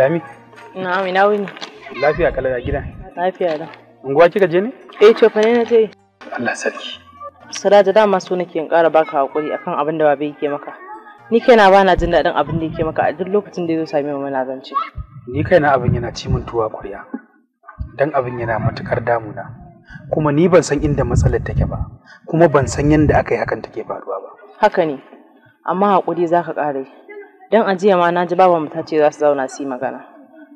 Lami? Na'am ina wuni. Lafiya kala da gidan. Lafiya da. Unguwa kika je ne? Eh ce fa ne na je. Allah sarki. Siraja dama so nake in ƙara baka hakuri akan abin da babe yake maka. Ni kaina ba na jin daɗin abin da yake maka a duk lokacin da ya zo same mu muna zance. Ni kaina abin yana ci min tuwa ƙuriya. Dan abin yana matukar damuna. Kuma ni ban san inda matsalar take ba. Kuma ban san yadda aka yi hakan take faruwa ba. Haka ne. Amma hakuri za ka ƙare. don a jiya ma na ji babanmu ta ce za su zauna su yi magana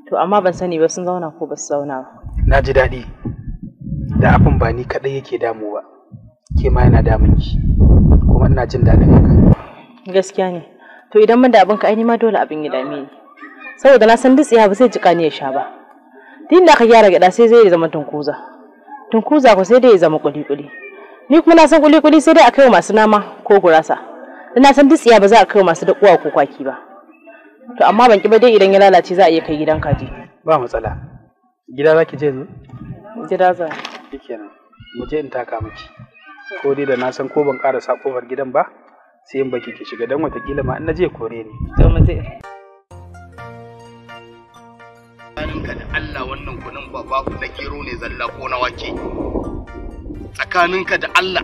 to amma ban sani ba sun zauna ko ba su zauna ba na ji daɗi da abin ba ni kaɗai yake damu ba ke ma yana damun ki kuma ina jin daɗin haka gaskiya ne to idan mun da abin ka aini ma dole abin ya dame ni saboda na san dutse ba sai jika ni ya sha ba duk da aka gyara gyaɗa sai zai zama tunkuza tunkuza ko sai dai ya zama kuli-kuli ni kuma na san kuli-kuli sai dai a kai masu nama ko gurasa Ina san dutsiya ba za a kai masu dakuwa ko kwaki ba to amma ban ki ba dai idan ya lalace za a iya kai gidan kaji ba matsala gida za ki je yanzu gida za kenan mu je in taka miki ko dai da na san ko ban karasa kofar gidan ba sai in baki ki shiga dan watakila ma in na je kore ni to mu je da Allah wannan kunin ba na gero ne zalla ko na wake tsakaninka da Allah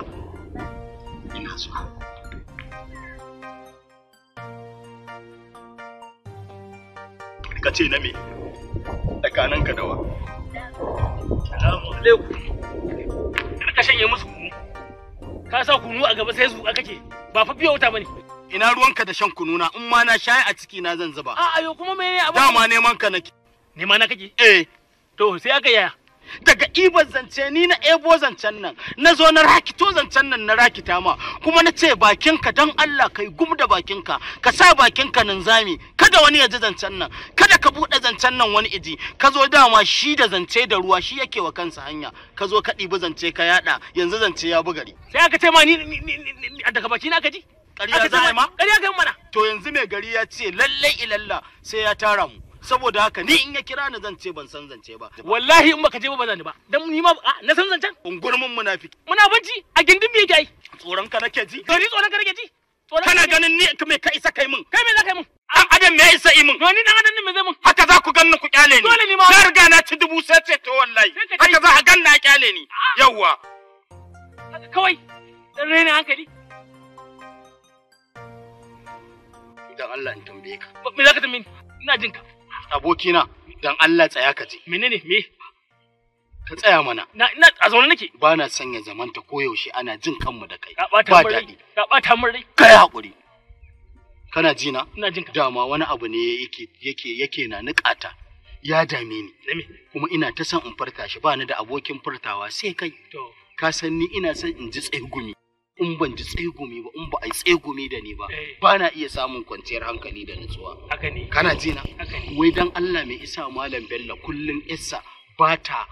ka ce na me tsakanin ka wa. salamu alaikum kar ka shanye musu kunu ka sa kunu a gaba sai zuƙa kake ba fa biyo wuta bane ina ruwanka da shan kunu na in ma na shayi a ciki na zan zuba a'a yo kuma ne abin dama neman ka nake nema na kake eh to sai aka yaya daga ibar zance ni na ebo zancen nan na zo na rakito zancen nan na rakita ma kuma na ce bakinka don Allah kai gum da bakinka ka sa bakinka nan zami kada wani ya ji zancen nan kada ka buɗe zancen nan wani iji ka zo dama shi da zance da ruwa shi yake wa kansa hanya ka zo ka ɗibi zance ka yaɗa yanzu zance ya bi gari sai aka ce ma ni daga baki na ka ji ƙarya za ma ƙarya ga mana to yanzu mai gari ya ce lallai ilalla sai ya tara mu saboda haka ni in ya kira ni zan ce ban san zance ba wallahi in baka je ba ba zan ba dan ni ma na san zancen ungurmin munafiki banci a gindin me yake ai tsoron ka nake ji gari tsoron ka nake ji kana ganin ni me ka isa kai min kai me za kai min an adam me isa imin to ni dan adam ne me zai mun. haka za ku ganni ku kyale ni dole ni ma na ga na ci dubu sai ce to wallahi haka za ka ganna kyale ni yawwa kawai dan rena hankali idan Allah in tambaye ka me za ka tambaye ina jin ka abokina dan Allah tsaya ka ji. Menene me? Ka tsaya mana. Na ina a zaune nake. Ba na ya zamanta yaushe ana jin kanmu da kai. Ba daɗi. Ka bata mun rai. Kai hakuri. Kana ji na? Ina jin ka. Dama wani abu ne yake yake yake na niƙata. Ya dame ni. Kuma ina ta son in furta shi ba ni da abokin furtawa sai kai. To. Ka san ni ina son in ji gumi. in ban ji tsegumi ba in ba a yi tsegumi da ni ba eh. ba na iya samun kwanciyar hankali da nutsuwa kana ji na wai dan Allah mai isa malam Bello kullun 'yarsa ba ta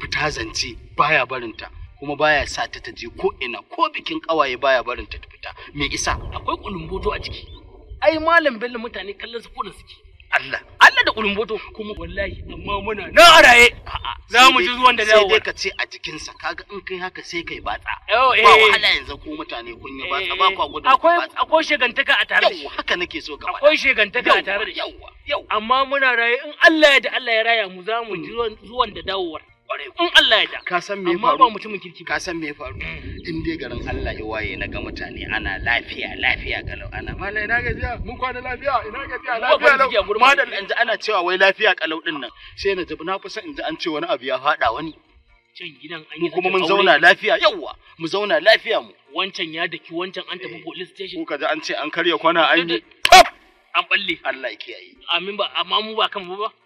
fita zance baya barinta kuma baya sa ta ta je ko ina ko bikin kawaye baya barinta ta fita mai isa akwai kulumboto a ciki ai malam Bello mutane kallon su ko suke Allah Allah da kulumboto kuma wallahi amma muna na raye za mu ji zuwan da zai sai dai ka ce a jikinsa sa kaga in kai haka sai kai batsa oh, ba eh. wahala yanzu ko mutane kun yi batsa ba kwa gudu. akwai akwai shegantaka a tare da haka nake so ka akwai shegantaka a tare da amma muna raye in Allah ya da Allah ya raya mu za mu ji zuwan da dawowar kwarai in Allah ya da ka san me faru amma ba mutumin kirki ka san me faru mm. in dai garin Allah ya waye na ga mutane ana lafiya lafiya galau ana mala ina gajiya mun kwana lafiya ina gajiya lafiya lau madal yanzu ana cewa wai lafiya kalau din nan sai na tafi na fi san in ji an ce wani abu ya faɗa wani can gidan an yi kuma mun zauna lafiya yawwa mu zauna lafiya mu wancan ya daki wancan an tafi eh. police station kuka ji an ce an karya kwana an yi an balle Allah ya kiyaye amin ba amma mu ba kan mu ba